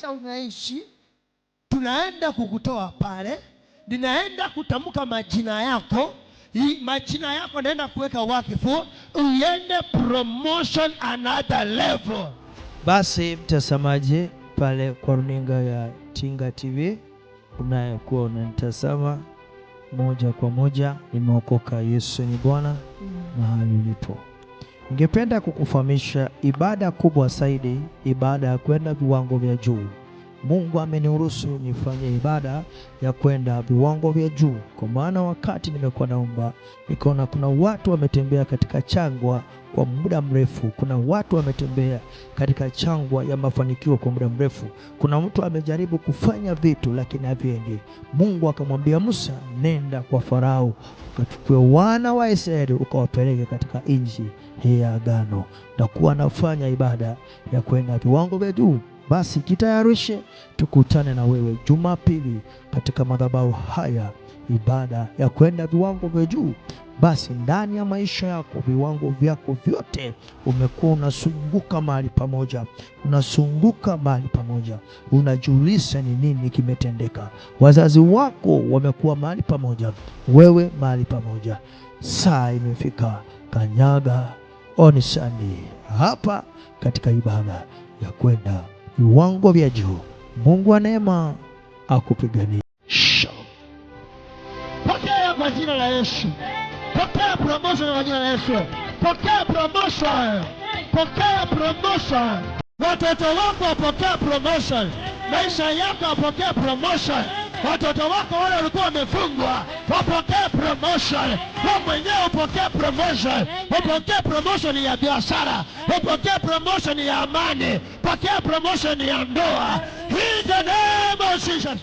maisha unaishi tunaenda kukutoa pale ninaenda kutamka majina yako I, majina yako naenda kuweka wakifu uende promotion another level basi mtazamaji pale kwa runinga ya tinga tv unayekuwa unanitazama moja kwa moja nimeokoka yesu ni bwana mm. mahali ulipo Ningependa kukufahamisha ibada kubwa zaidi, ibada ya kwenda viwango vya juu. Mungu ameniruhusu nifanye ibada ya kwenda viwango vya juu, kwa maana wakati nimekuwa naomba nikaona kuna watu wametembea katika changwa kwa muda mrefu. Kuna watu wametembea katika changwa ya mafanikio kwa muda mrefu. Kuna mtu amejaribu kufanya vitu lakini haviendi. Mungu akamwambia Musa, nenda kwa Farao ukachukue wana wa Israeli ukawapeleke katika nchi hii ya agano. nakuwa nafanya ibada ya kwenda viwango vya juu basi jitayarishe, tukutane na wewe Jumapili katika madhabahu haya, ibada ya kwenda viwango vya juu. Basi ndani ya maisha yako, viwango vyako vyote, umekuwa unasunguka mahali pamoja, unasunguka mahali pamoja, unajiuliza ni nini kimetendeka. Wazazi wako wamekuwa mahali pamoja, wewe mahali pamoja. Saa imefika, kanyaga onisani hapa katika ibada ya kwenda viwango vya juu. Mungu wa neema akupiganie. Pokea kwa jina la Yesu, pokea promotion kwa jina la Yesu, pokea promotion, pokea promotion. Watoto wako wapokea promotion, maisha yako wapokea promotion. Watoto wako wale walikuwa wamefungwa wapokee promotion. Wewe mwenyewe upokee promotion, upokee promotion ya biashara, upokee promotion ya amani, pokea promotion ya ndoa. In the name of Jesus.